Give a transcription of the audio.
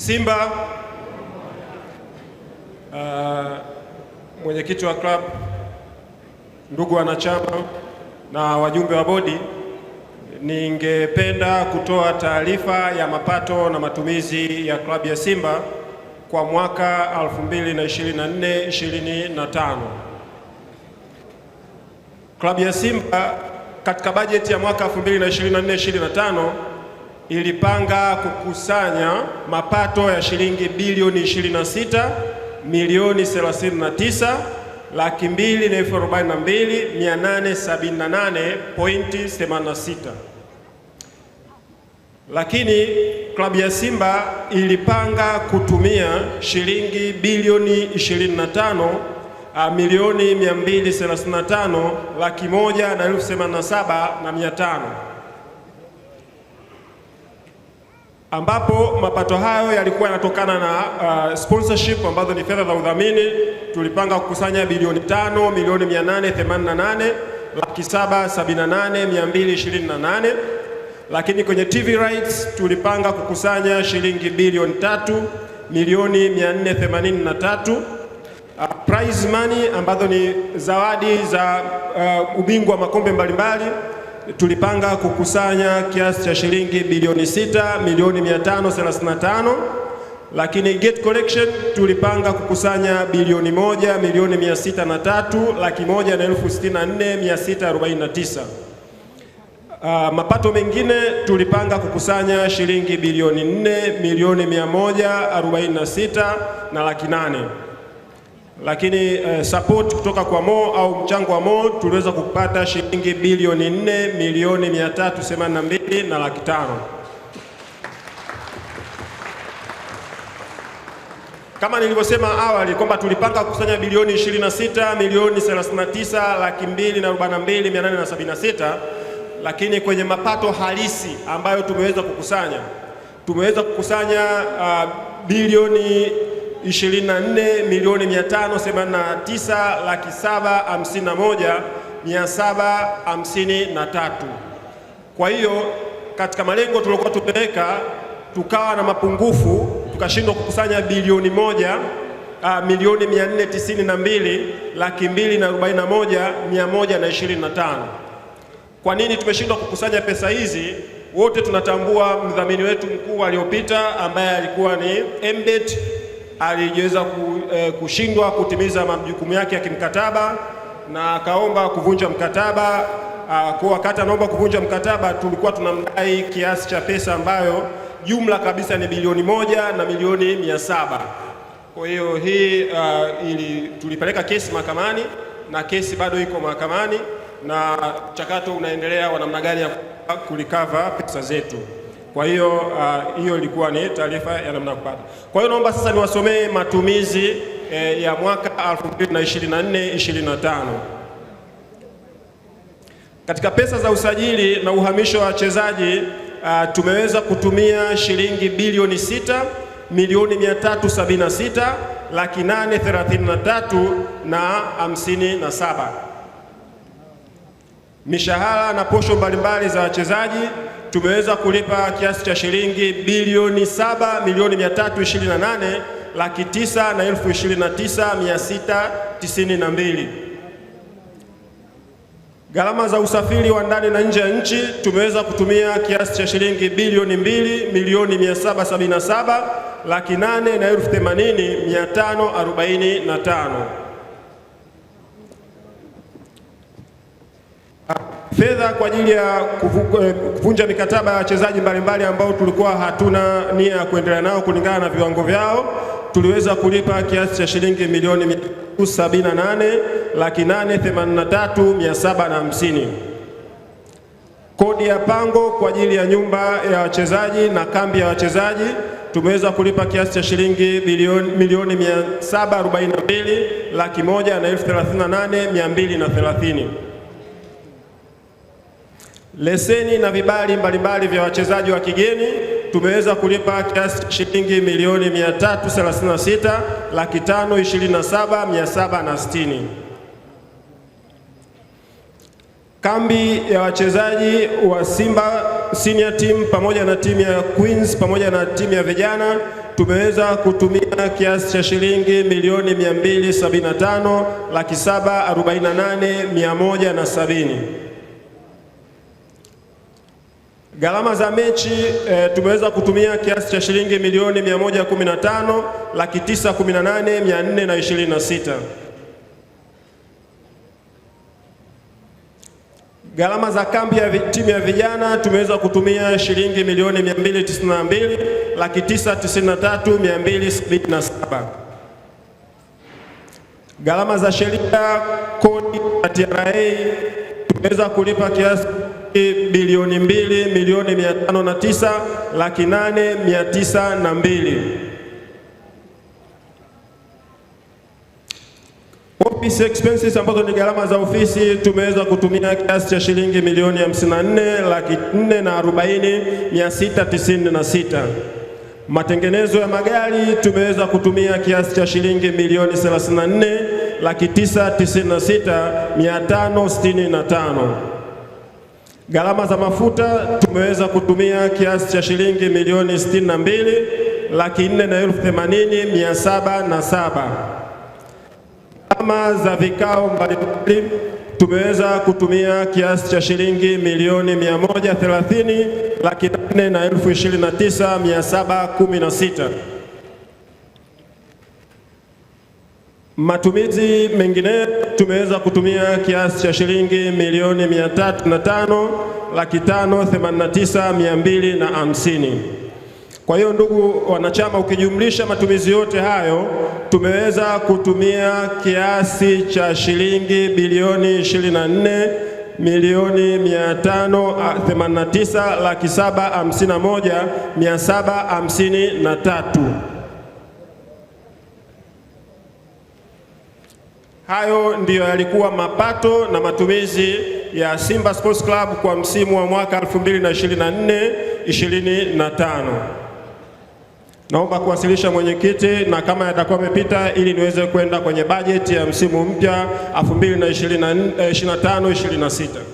Simba. Uh, mwenyekiti wa klabu, ndugu wanachama na wajumbe wa bodi, ningependa kutoa taarifa ya mapato na matumizi ya klabu ya Simba kwa mwaka 2024 2025. Klabu ya Simba katika bajeti ya mwaka 2024 2025 ilipanga kukusanya mapato ya shilingi bilioni 26 milioni 39 laki mbili na elfu arobaini na mbili mia nane sabini na nane pointi themanini na sita lakini klabu ya Simba ilipanga kutumia shilingi bilioni 25 milioni 235 laki moja na elfu themanini na saba na mia tano ambapo mapato hayo yalikuwa yanatokana na uh, sponsorship ambazo ni fedha za udhamini. Tulipanga kukusanya bilioni tano milioni 888 laki saba sabini na nane mia mbili ishirini na nane lakini kwenye TV rights tulipanga kukusanya shilingi bilioni tatu milioni 483. Uh, prize money ambazo ni zawadi za uh, ubingwa makombe mbalimbali tulipanga kukusanya kiasi cha shilingi bilioni 6 milioni 535, lakini gate collection tulipanga kukusanya bilioni 1 milioni 603 laki moja na elfu sitini na nne mia sita Uh, mapato mengine tulipanga kukusanya shilingi bilioni 4 milioni 146 na laki nane lakini uh, support kutoka kwa Mo au mchango wa Mo tuliweza kupata shilingi bilioni 4 milioni 382 na laki tano. Kama nilivyosema awali kwamba tulipanga kukusanya bilioni 26 milioni 39 laki 2 na arobaini na lakini kwenye mapato halisi ambayo tumeweza kukusanya tumeweza kukusanya uh, bilioni 24 milioni 579 laki saba hamsini na moja tatu. Kwa hiyo katika malengo tuliokuwa tumeweka tukawa na mapungufu tukashindwa kukusanya bilioni moja a, ah, milioni 492 laki mbili na arobaini na moja mia moja na ishirini na tano. Kwa nini tumeshindwa kukusanya pesa hizi? Wote tunatambua mdhamini wetu mkuu aliyopita ambaye alikuwa ni MDET aliweza kushindwa kutimiza majukumu yake ya kimkataba na akaomba kuvunja mkataba. Kwa wakati anaomba kuvunja mkataba, tulikuwa tunamdai kiasi cha pesa ambayo jumla kabisa ni bilioni moja na milioni mia saba. Kwa hiyo hii uh, ili tulipeleka kesi mahakamani na kesi bado iko mahakamani na mchakato unaendelea wa namna gani ya kulikava pesa zetu. Kwa hiyo ah, hiyo uh, ilikuwa ni taarifa ya namna kupata. Kwa hiyo naomba sasa niwasomee matumizi eh, ya mwaka 2024 25 katika pesa za usajili na uhamisho wa wachezaji uh, tumeweza kutumia shilingi bilioni 6 milioni 376 laki 833 na 57 mishahara na posho mbalimbali za wachezaji tumeweza kulipa kiasi cha shilingi bilioni 7 milioni 328 laki tisa na elfu ishirini na tisa mia sita tisini na mbili. Gharama za usafiri wa ndani na nje ya nchi tumeweza kutumia kiasi cha shilingi bilioni 2 milioni 777 laki nane na elfu themanini mia tano arobaini na tano. fedha kwa ajili ya eh, kuvunja mikataba ya wachezaji mbalimbali ambao tulikuwa hatuna nia ya kuendelea nao kulingana na viwango vyao. Tuliweza kulipa kiasi cha shilingi milioni 78 laki 883,750. Kodi ya pango kwa ajili ya nyumba ya wachezaji na kambi ya wachezaji tumeweza kulipa kiasi cha shilingi milioni 742 laki 1 na 38,230 leseni na vibali mbalimbali vya wachezaji wa kigeni tumeweza kulipa kiasi shilingi milioni 336 laki 527760. Kambi ya wachezaji wa Simba senior team pamoja na timu ya Queens pamoja na timu ya vijana tumeweza kutumia kiasi cha shilingi milioni 275 laki 748 arobaini Gharama za mechi e, tumeweza kutumia kiasi cha shilingi milioni 115 laki 918 Gharama za kambi ya timu ya vijana tumeweza kutumia shilingi milioni 292 laki 993277 Gharama za sheria, kodi na TRA tumeweza kulipa kiasi bilioni mbili milioni mia tano na tisa laki nane mia tisa na mbili. Office expenses ambazo ni gharama za ofisi tumeweza kutumia kiasi cha shilingi milioni 54 laki 4 na 40 Matengenezo ya magari tumeweza kutumia kiasi cha shilingi milioni 34 laki 9 96 Gharama za mafuta tumeweza kutumia kiasi cha shilingi milioni 62 na mbili laki 4 na elfu themanini mia saba na saba. Gharama za vikao mbalimbali tumeweza kutumia kiasi cha shilingi milioni mia moja laki 4 na elfu ishirini na mia saba kumi na sita. Matumizi mengine tumeweza kutumia kiasi cha shilingi milioni mia tatu na tano laki tano themanini na tisa mia mbili na hamsini. Kwa hiyo ndugu wanachama, ukijumlisha matumizi yote hayo tumeweza kutumia kiasi cha shilingi bilioni 24 milioni 589 laki 751 hamsini na tatu. Hayo ndiyo yalikuwa mapato na matumizi ya Simba Sports Club kwa msimu wa mwaka 2024 25. Naomba kuwasilisha mwenyekiti, na kama yatakuwa amepita, ili niweze kwenda kwenye bajeti ya msimu mpya 2025 26.